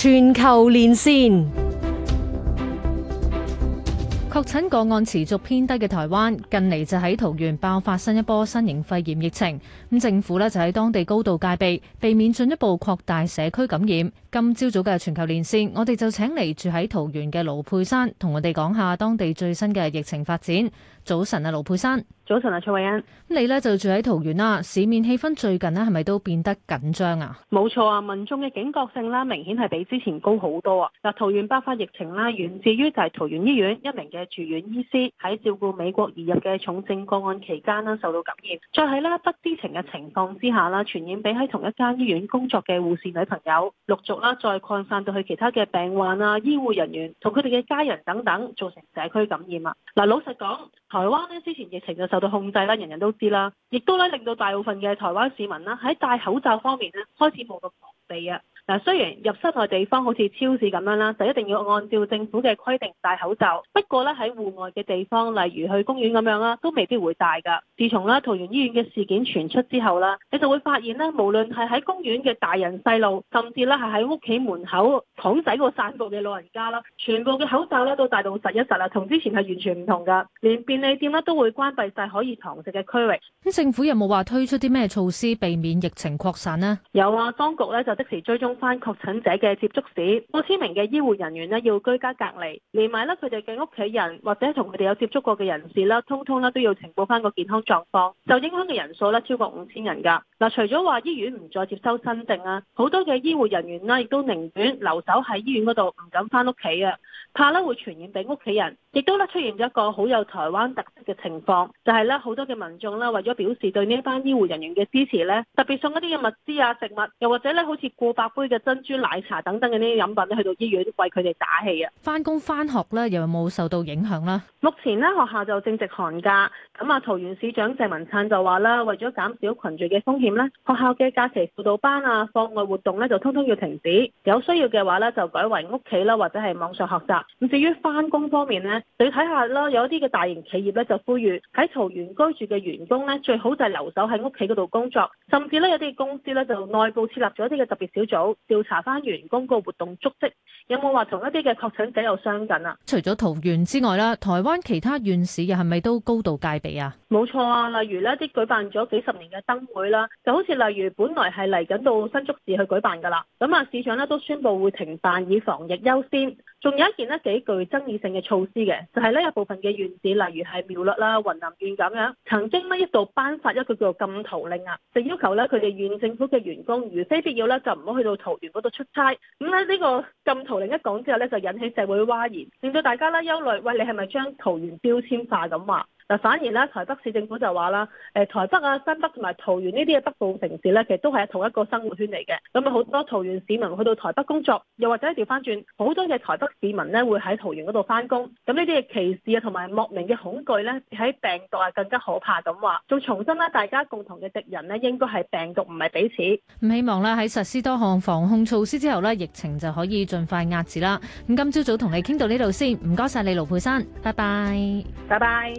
全球連線，確診個案持續偏低嘅台灣，近嚟就喺桃園爆發新一波新型肺炎疫情。咁政府咧就喺當地高度戒備，避免進一步擴大社區感染。今朝早嘅全球連線，我哋就請嚟住喺桃園嘅盧珮珊，同我哋講下當地最新嘅疫情發展。早晨啊，盧珮珊。早晨啊，崔蔚恩。你咧就住喺桃園啦，市面氣氛最近呢，係咪都變得緊張啊？冇錯啊，民眾嘅警覺性啦，明顯係比之前高好多啊！嗱，桃園爆發疫情啦，源自於就係桃園醫院一名嘅住院醫師喺照顧美國移入嘅重症個案期間啦，受到感染，再喺咧不知情嘅情況之下啦，傳染俾喺同一間醫院工作嘅護士女朋友，陸續啦再擴散到去其他嘅病患啊、醫護人員同佢哋嘅家人等等，造成社區感染啊！嗱，老實講，台灣呢之前疫情嘅控制啦，人人都知啦，亦都咧令到大部分嘅台灣市民啦喺戴口罩方面咧開始冇咁防備啊。嗱，雖然入室內地方好似超市咁樣啦，就一定要按照政府嘅規定戴口罩。不過咧，喺戶外嘅地方，例如去公園咁樣啦，都未必會戴噶。自從咧桃園醫院嘅事件傳出之後啦，你就會發現咧，無論係喺公園嘅大人細路，甚至咧係喺屋企門口巷仔嗰個散步嘅老人家啦，全部嘅口罩咧都戴到實一實喇，同之前係完全唔同噶。連便利店咧都會關閉晒可以堂食嘅區域。咁政府有冇話推出啲咩措施避免疫情擴散呢？有啊，當局咧就即時追蹤。翻確診者嘅接觸史，過千名嘅醫護人員咧要居家隔離，連埋咧佢哋嘅屋企人或者同佢哋有接觸過嘅人士咧，通通咧都要呈報翻個健康狀況，就影響嘅人數咧超過五千人㗎。嗱，除咗話醫院唔再接收新症啦，好多嘅醫護人員咧亦都寧願留守喺醫院嗰度，唔敢翻屋企啊，怕咧會傳染俾屋企人，亦都咧出現咗一個好有台灣特色嘅情況，就係咧好多嘅民眾咧為咗表示對呢班醫護人員嘅支持咧，特別送一啲嘅物資啊、食物，又或者咧好似過百杯嘅珍珠奶茶等等嘅呢啲飲品咧，去到醫院為佢哋打氣啊！翻工翻學咧，又冇受到影響啦。目前咧，學校就正值寒假，咁啊，桃園市長鄭文燦就話啦，為咗減少群聚嘅風險咧，學校嘅假期輔導班啊、課外活動咧，就通通要停止。有需要嘅話咧，就改為屋企啦，或者係網上學習。咁至於翻工方面咧，你睇下啦，有一啲嘅大型企業咧，就呼籲喺桃園居住嘅員工咧，最好就係留守喺屋企嗰度工作，甚至咧有啲公司咧就內部設立咗一啲嘅特別小組。調查翻員工個活動足迹，有冇話同一啲嘅確診者又相近啊？除咗桃園之外啦，台灣其他縣市又係咪都高度戒備啊？冇錯啊，例如呢啲舉辦咗幾十年嘅燈會啦，就好似例如本來係嚟緊到新竹市去舉辦噶啦，咁啊市長呢都宣布會停辦，以防疫優先。仲有一件呢幾具爭議性嘅措施嘅，就係、是、呢有部分嘅縣市，例如係苗律栗啦、雲林縣咁樣，曾經呢一度頒發一個叫做禁桃令啊，就要求咧佢哋縣政府嘅員工，如非必要咧就唔好去到桃園嗰度出差。咁、嗯、喺呢、這個禁桃令一講之後咧，就引起社會譁然，令到大家咧憂慮，喂你係咪將桃園標籤化咁話？嗱，反而咧，台北市政府就話啦，誒，台北啊、新北同埋桃園呢啲嘅北部城市咧，其實都係同一個生活圈嚟嘅。咁啊，好多桃園市民去到台北工作，又或者調翻轉，好多嘅台北市民咧會喺桃園嗰度翻工。咁呢啲嘅歧視啊，同埋莫名嘅恐懼咧，喺病毒啊更加可怕咁話。仲重申啦，大家共同嘅敵人咧，應該係病毒，唔係彼此。咁希望咧喺實施多項防控措施之後咧，疫情就可以盡快壓止啦。咁今朝早同你傾到呢度先，唔該晒你，盧珮珊。拜拜，拜拜。